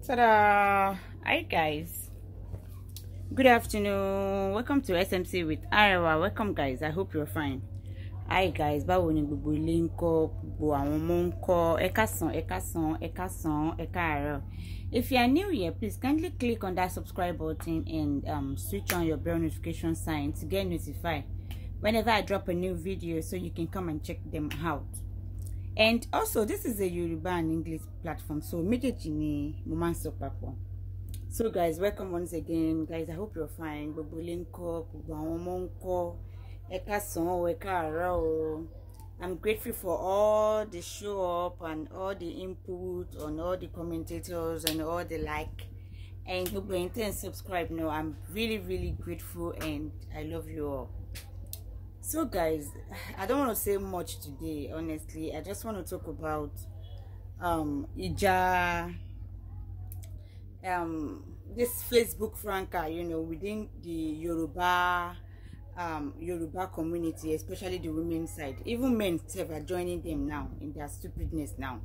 Ta-da! Hi guys. Good afternoon. Welcome to SMC with Arewa. Welcome guys. I hope you're fine. Hi guys. Báwo ni gbogbo ilé ń gbogbo àwọn ẹ ẹ ẹ If you are new here, please kindly click on that subscribe button and um, switch on your bell notification sign to get notified whenever I drop a new video so you can come and check them out and also this is a Yoruba and English platform so méjèèjì ni mo máa ń sọ papọ̀ so guys welcome once again guys I hope you're fine gbogbo ilé ń kọ́ i o I'm grateful for all the show up and all the input on all the commentators and all the like and you're going to subscribe now I'm really really grateful and I love you all so guys i don't want to say much today honestly i just want to talk about um ija um this facebook franca you know within the yoruba um yoruba community especially the women side even men are joining them now in their stupidness now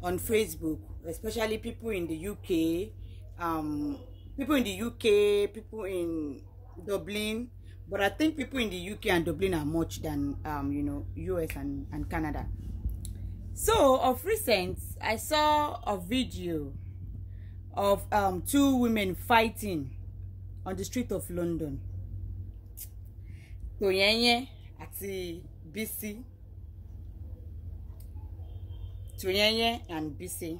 on facebook especially people in the uk um people in the uk people in dublin but I think people in the UK and Dublin are much than, um, you know, US and, and Canada. So, of recent, I saw a video of um, two women fighting on the street of London. Toyenye àti BC, Toyenye and BC.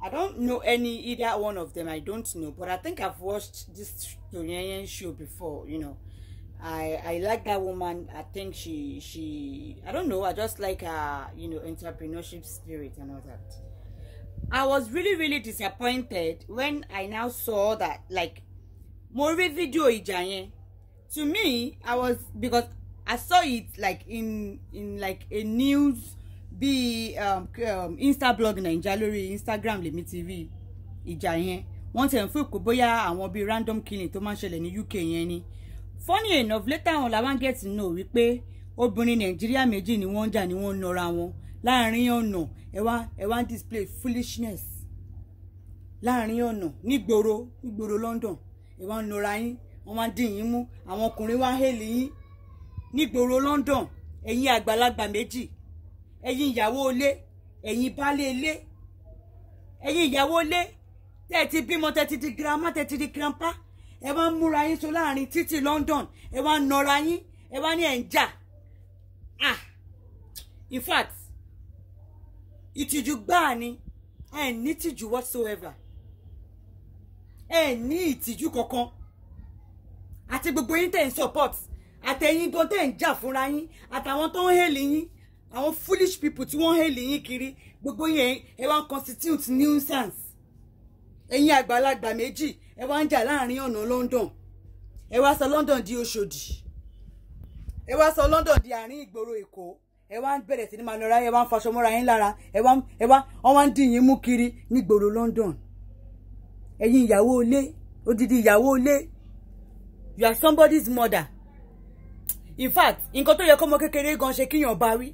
I don't know any either one of them. I don't know, but I think I've watched this Toyenye show before, you know. I I like that woman. I think she she I don't know. I just like her you know entrepreneurship spirit and all that. I was really really disappointed when I now saw that like mo rí fídíò to me I was because I saw it like in in like a news bíi um, um, instablog naija lórí Instagram lèmi TV rí Once yẹn wọ́n tẹ̀ and fún be random killing to máa in the UK yẹn funny enough later on làwọn get to know wípé obìnrin nàìjíríà méjì ni wọ́n ń jà ni wọ́n ń nọra wọn láàrin ọ̀nà ẹ wá ẹ wá display foolishness láàrin ọ̀nà nígboro nígboro London ẹ wá ń nọra yín wọ́n wá ń dín yín mú àwọn ọkùnrin wá hélì yín nígboro London ẹ̀yin àgbàlagbà méjì ẹ̀yin ìyàwó ilé ẹ̀yin baálé ilé ẹ̀yin ìyàwó ilé tẹ́ ẹ ti bímọ tẹ́ ti di grandma tẹ́ ti di grandpa ẹ wá ń múra yín so láàrin títí London ẹ wá ń nọra yín ẹ wá ní ẹ̀ ń jà ah in fact ìtìjú gbáà ni ẹ ní ìtìjú whatsoever ẹ ní ìtìjú kankan àti gbogbo yín tẹ̀ ń support àtẹ̀yìn gan tẹ̀ ń jà fúnra yín àtàwọn tó ń hèlì yín àwọn foolish people tí wọ́n ń hèlì yín kiri gbogbo yẹn ẹ wá ń constitute nuisance ẹ̀yin àgbàlagbà méjì ẹ wá ń jà láàrin ọ̀nà London ẹ wá sọ London di Òṣòdì ẹ wá sọ London di àárín ìgboro Èkó ẹ wá ń bẹ̀rẹ̀ sí ní máa lọ́ra ẹ wá ń faṣọ mọ́ra yín lára ẹ wá ẹ wá wọ́n wá ń dìyín mú kiri nígboro London ẹ̀yin ìyàwó ilé odidi ìyàwó ilé you are somebody's mother in fact nǹkan tó yẹ kọ́mọ kékeré gan ṣe kíyàn bá wí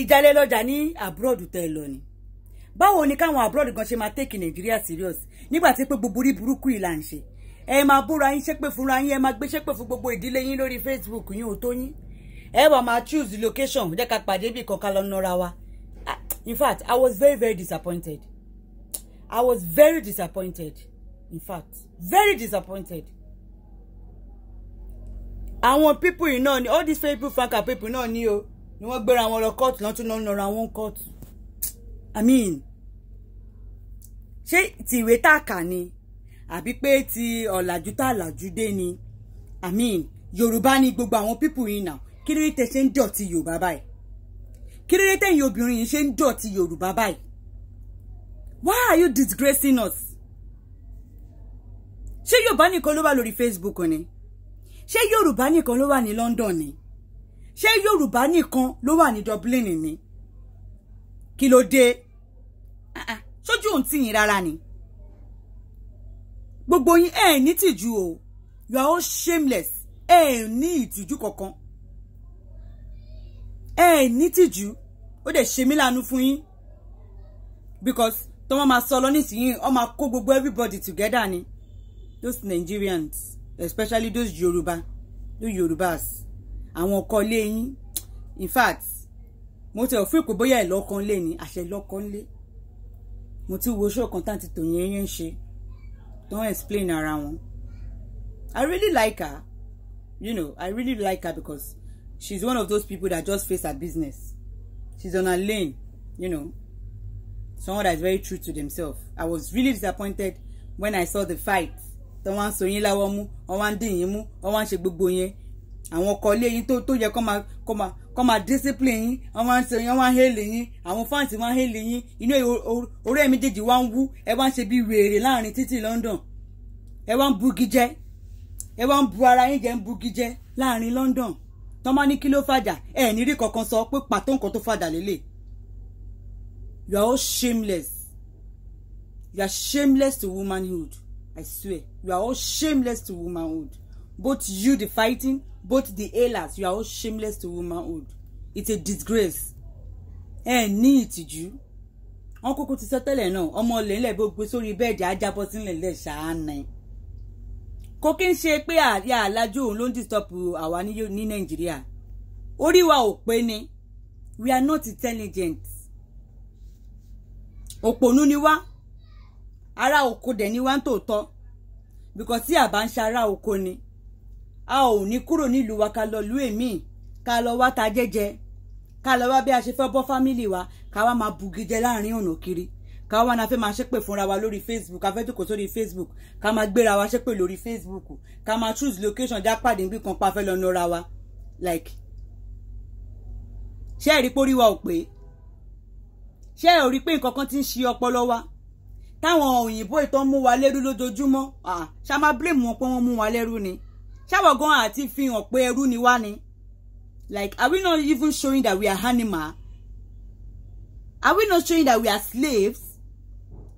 ìjálẹ̀ lọ́jà ní abroad tẹ́ lọ ni báwo ni káwọn abroad gan ṣe máa take Nigeria serious nígbà tí pé gbogbo orí burúkú yìí là ń ṣe ẹ máa búra yín ṣépè fúnra yín ẹ máa gbé ṣépè fún gbogbo ìdílé yín lórí facebook yín ò tó yín ẹ wà máa choose location jẹ́ ká pàdé bí kankan lọ nọra wa ah, in fact i was very very disappointed i was very disappointed in fact very disappointed àwọn people yìí náà ni all these facebook franca people náà ni o ni wọ́n gbéra wọn lọ kóòtù lọ́tún lọ́nà ra wọn court. I mean ṣé ti ìwé tá a kà ni àbí pé ti ọ̀làjú tá a làjú dé ni I mean Yorùbá ni gbogbo àwọn pípù yìí nà kí lóore tẹ ṣe ń dọ̀tí Yorùbá báyìí kí lóore tẹ̀yìn obìnrin yìí ṣe ń dọ̀tí Yorùbá báyìí why are you disgracing us ṣé Yorùbá nìkan ló wà lórí Facebook ni ṣé Yorùbá nìkan ló wà ní London ni ṣé Yorùbá nìkan ló wà ní Dublin ni kí ló dé sójú òun tì yín rárá ni gbogbo yín ẹ ní tìjú o you are all shameless ẹ ní ìtìjú kankan ẹ ní tìjú ó dẹ̀ ṣe mí lánú fún yín because tó wọ́n máa sọ lọ nísìnyìí wọ́n máa kó gbogbo everybody together ni those Nigerians especially those Yorùbá those Yorubas, àwọn ọkọ ilé yín in fact mo tẹ̀ fún ìpè bóyá ìlọ́kànlé ni àṣẹ ìlọ́kànlé mo ti wo ṣọ́ọ̀kan tá à ti tò yẹn yẹn ṣe don explain ara wọn I really like her you know I really like her because she's one of those people that just face her business she's on her lane you know someone that is very true to themselves I was really disappointed when I saw the fight tí wọ́n á mú wọ́n dín yín mú wọ́n ṣe gbogbo yẹn àwọn ọkọ ilé yín tó yẹ kọ́ máa kọ́ discipline yín wọ́n máa ń sọ yín wọ́n á hélè yín àwọn fáǹsì wọ́n á hélè yín inú orí ẹ̀ méjèèjì wá ń wú ẹ wá ń ṣe bí wèrè láàrin títì London ẹ wá ń bugi jẹ ẹ wá ń bu ara yín jẹ ń bugi jẹ láàrin London tán bá ní kí ló fàjà ẹ ní rí kankan sọ pé pàtó nǹkan tó fàjà lélẹ̀ you are all shameless you are shameless to womanhood I swear you are all shameless to womanhood both you the fighting both the hailers you are all shameless to womanhood it's a disgrace ẹ ní ìtìjú wọn kúkú ti sọ tẹ́lẹ̀ náà ọmọ ilẹ̀ ńlẹ̀ bó gbé sórí bẹ́ẹ̀dì ajábọ́ sílẹ̀ ńlẹ̀ ṣáánà kò kí n ṣe pé àríyá alájú òun ló ń disturb àwa ní nàìjíríà orí wa ò pé ni we are not intelligent òpònú ni wá ara oko dẹ̀ ni wá ń tòótọ́ because tí àbá ń ṣe ara oko ni a ò ní kúrò nílùú wa ká lọ lú èmi ká lọ wá ta jẹ́jẹ́ ká lọ wá bí a ṣe fẹ́ bọ́ fámìlì wa ká wá máa bùgìjẹ láàrin ọ̀nà kiri ká wá na fẹ́ máa ṣépè fúnra wa lórí facebook ká fẹ́ tòkó sórí facebook ká máa gbéra wa ṣépè lórí facebook ká máa choose location já pàdé níbi kan pa fẹ́ lọ nọra wa like ṣé ẹ̀rí pórí wa ò pé ṣé ẹ̀ rí pé nǹkan kan ti ń ṣe ọpọlọ wa táwọn òyìnbó ìtàn mú wa lẹ́rú lójoojúmọ́ ṣá máa blame wọn pé wọ́n mú wa lẹ́rú ni ṣáwọ̀ gan at fi hàn pé ẹrú ni wá ni like are we not even showing that we are animal are we not showing that we are slaves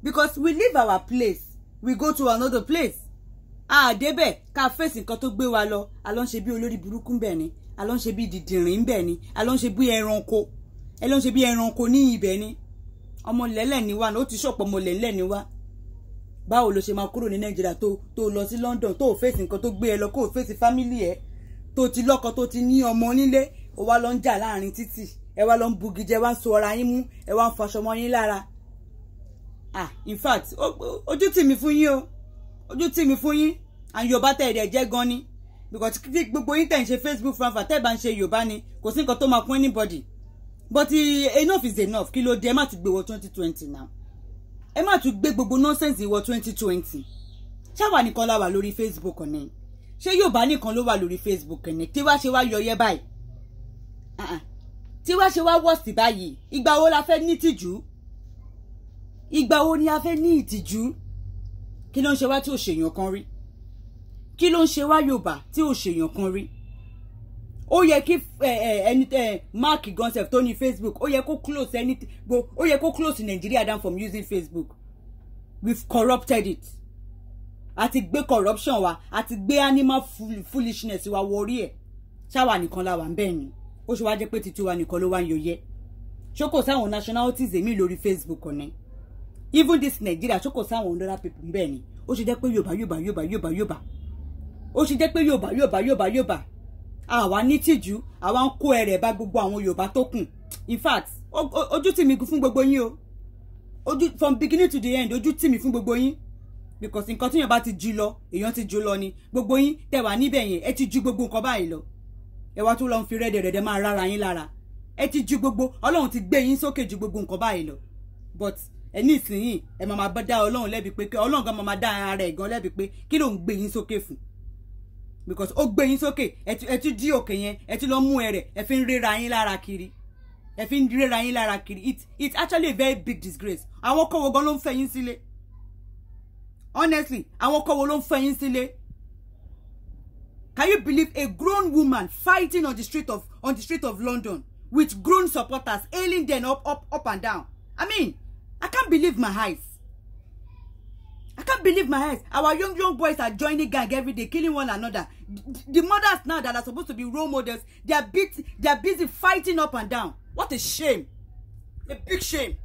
because we leave our place we go to another place Ah, debe, ká fèsì nǹkan tó gbé wa lọ a lọ ń ṣe bí olórí burúkú ń bẹ̀ ni a lọ ń ṣe bí ni a lọ ń ni ọmọ lẹ́lẹ̀ ni wá ó ti ṣọ̀pọ̀ ọmọ lẹ́lẹ̀ ni wá báwo ló ṣe máa kúrò ní nàìjíríà tó tó lọ sí London tó fèsì nǹkan tó gbé ẹ lọ kó fèsì fámìlì ẹ tó ti lọ́kọ tó ti ní ọmọ nílé ó wá lọ ń jà láàrin títì ẹ wá lọ ń bugijẹ wá ń so ara yín mú ẹ wá ń faṣọ mọ́ yín lára ah in fact ojú tì mí fún yín o ojú tì mí fún yín and yorùbá tẹ̀ ẹ̀rẹ̀ jẹ́ gan ni because gbogbo yín tẹ̀ ń ṣe Facebook fanfa tẹ́ ẹ̀ bá ń ṣe yorùbá ni kò sí nǹkan tó máa kún anybody but eh, enough is enough kí ló dé ẹ má ti gbèwọ̀ twenty twenty now ẹ má tún gbé gbogbo nọ́nsẹ̀nsì wọ twenty twenty ṣáwa nìkan la wà lórí Facebook ni ṣé Yorùbá nìkan ló wà lórí Facebook ni tí wàá ṣe wá yọyẹ báyìí tí wàá ṣe wá wọ̀sì báyìí ìgbà wo la fẹ́ ní ìtìjú ìgbà wo ni a fẹ́ ní ìtìjú kí ló ń ṣe wá tí ò ṣèyàn kan rí kí ló ń ṣe wá Yorùbá tí ò kan rí ó yẹ kí ẹni mark gonself tó ní facebook ó yẹ kó close ẹni ó yẹ kó close nigeria down from using facebook we've corrupted it àti gbé corruption wa àti gbé animal foolishness wa wọrí ẹ̀ ṣáwa nìkan la wà ń bẹ̀ yín ó ṣe wá jẹ́ pé títí wa nìkan ló wá ń yọyẹ ṣókò sáwọn nationalities èmi lórí facebook ni even this nigeria ṣókò sáwọn other people ń bẹ̀ ni ó ṣe jẹ́ pé yorùbá yorùbá yorùbá yorùbá yorùbá ó ṣe jẹ́ pé yorùbá yorùbá yorùbá yorùbá àwa ní tìjú àwa ń kó ẹrẹ̀ bá gbogbo àwọn Yorùbá tó kù in fact ojú tì mí fún gbogbo yín o ojú from beginning to the end ojú tì mí fún gbogbo yín because nǹkan tí èèyàn bá ti jù lọ èèyàn ti jù lọ ni gbogbo yín tẹ́ wà níbẹ̀ yẹn ẹ ti jù gbogbo nǹkan báyìí lọ ẹ wá tún lọ ń fi rẹ́dẹ̀rẹ́dẹ́ máa rárá yín lára ẹ ti jù gbogbo Ọlọ́run ti gbé yín sókè jù gbogbo nǹkan báyìí lọ but ẹ ní ìsinyìí ẹ máa máa dá Ọlọ́run lẹ́bi pé Ọlọ́run gan máa máa dá ara ẹ̀ gan lẹ́bi pé kí ló ń gbé yín sókè fún because ó gbé yín sókè ẹ ti dí òkè yẹn ẹ ti lọ mú ẹrẹ̀ ẹ fi ń rẹ́ra yín lára kiri ẹ fi ń rẹ́ra yín lára kiri it it's actually a very big disgrace àwọn kọ́wọ́ gan ló ń fẹ́ yín sílé honestly àwọn kọ́wọ́ ló ń fẹ́ yín sílé can you believe a grown woman fighting on the street of on the street of London with grown supporters hailing them up up up and down I mean I can't believe my eyes I can't believe my eyes. Our young, young boys are joining gang every day, killing one another. The, the mothers now that are supposed to be role models, they are, bit, they are busy fighting up and down. What a shame. A big shame.